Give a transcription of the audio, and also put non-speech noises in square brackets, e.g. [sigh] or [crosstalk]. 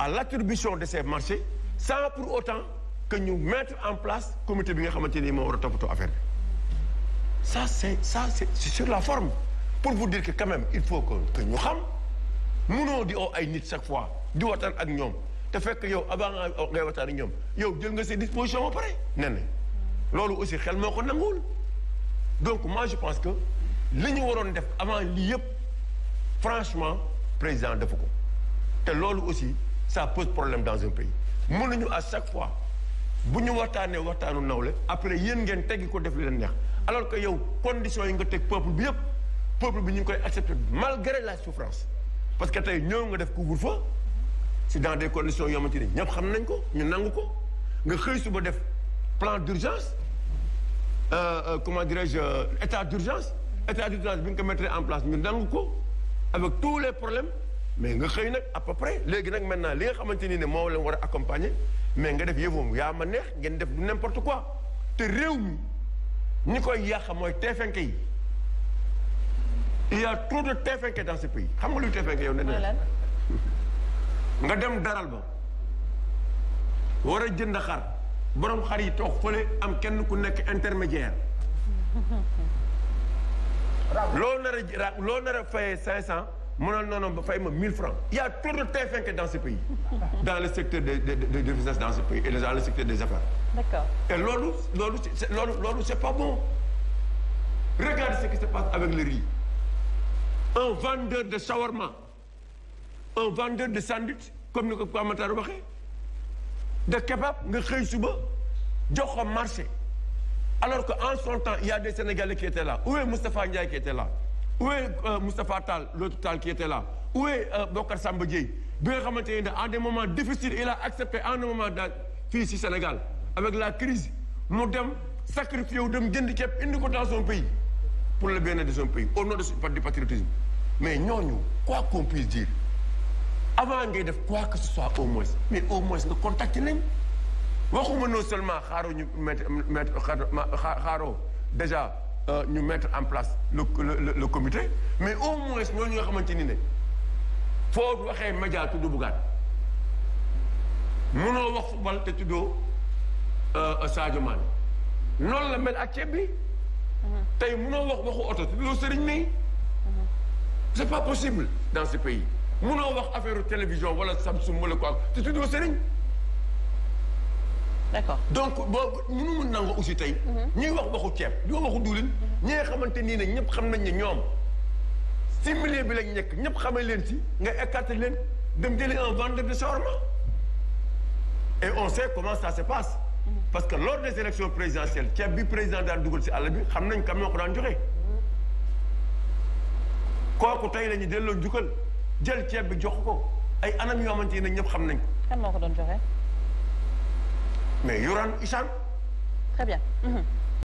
à l'attribution de ces marchés sans pour autant que ñu mettre en place comité bi nga xamante ni moo war a toppatoo affaire bi ça c'est ça c'est sur la forme pour vous dire que quand même il faut que que ñu xam munoo di oo ay nit chaque fois di waxtaan ak ñoom te fekk yow avant ngay waxtaan ak ñoom yow jël nga ses dispositions ba pare ne ne loolu aussi xel moo ko nanguwul donc moi je pense que li ñu waroon def avant lii yëpp franchement président defu ko te loolu aussi sa pose problème dans un pays mënuñu à chaque fois bu ñu waxtaanee waxtaanu nawle après yéen ngeen teg ko def li leen neex alors que yow conditions yi nga teg peuple bi yëpp peuple bi ñu ngi koy accepté malgré la souffrance parce que tey ñëw nga def couvre-feu c'est dans des conditions yoo xamante ni ñëpp xam nañ ko ñu nangu ko nga xëy suba def plan d'urgence euh, euh comment dirais-je euh, état d'urgence état d'urgence bi nga ko mettre en place ñu nangu ko avec tous les problèmes mais nga xëy nag à peu près léegi nag maintenant li nga xamante ni ne moo leen war a accompagner mais nga def yëfoom yaa ma neex ngeen def du n'importe quoi te réew mi ñi koy yàq mooy teefenke yi il y a trop de teefenke dans ce pays xam nga luy teefenke yow ne na [laughs] nga dem daral ba war a jënd xar borom xar yi toog fële am kenn ku nekk intermédiaire [laughs] loo nar a loo nar a fayee cinq cent mu ne ba fay ma 1000 francs il y a trop de TF1 dans ce pays dans le secteur des des des des business dans ce pays et dans le secteur des affaires. et loolu loolu c'est loolu loolu c'est pas bon regarde ce qui se passe avec le riz un vendeur de de sandwich comme ni ko Pape Matar de kebab nga xëy suba jox marché alors que en son temps il y a des Sénégalais qui étaient est Moustapha Ndiaye qui était où est euh, Moustapha Tall l'autre Tall qui était là où est euh, Bokar Samba Dièye bi nga xamante ne en des moments difficiles il a accepté en un moment daal fii si Sénégal avec la crise mu dem sacrifié wu dem jënd ceeb indi ko dans son pays pour le bien-être de son pays au nom de du patriotisme mais ñooñu quoi qu'on puisse dire avant ngay def quoi que ce soit au moins mais au moins nga contacté leen waxuma non seulement xaaroo ñu mettre mettre xaaroo déjà Euh, ñu mettre en place le le le comité mais au moins ñooñu nga xamante ni ne foo waxee média tudd Bougane mënoo wax football te tuddoo euh, Sadio Mané noonu la mel ak ceeb bi. tey mënoo wax waxu oto tuddoo Serigne nii. c'est pas possible dans ce pays mënoo wax affaire télévision wala Samsung wala quoi te tuddoo Serigne. d'accord donc boo mënu mun nangu aussi tey. Mhm. ñuy wax waxu ceeb di waxu diwlin. Mhm. ñi nga xamante nii ne ñëpp xam nañ ne ñoom si milieu bi lañ nekk ñëpp xamal leen si nga écarter leen dem jëli en vendeur de shawarma et on sait comment ça se passe. Mhm. parce que lors des élections présidentielles ceeb bi président daal dugal si àll bi xam nañ kam moo ko daan joxe. kooku tey la delloo njukkal jël ceeb bi jox ko ay anam yoo xamante ne ñëpp xam nañ ko. kan moo ko doon joxe. mais Yoran Ichan. très bien. Mm -hmm.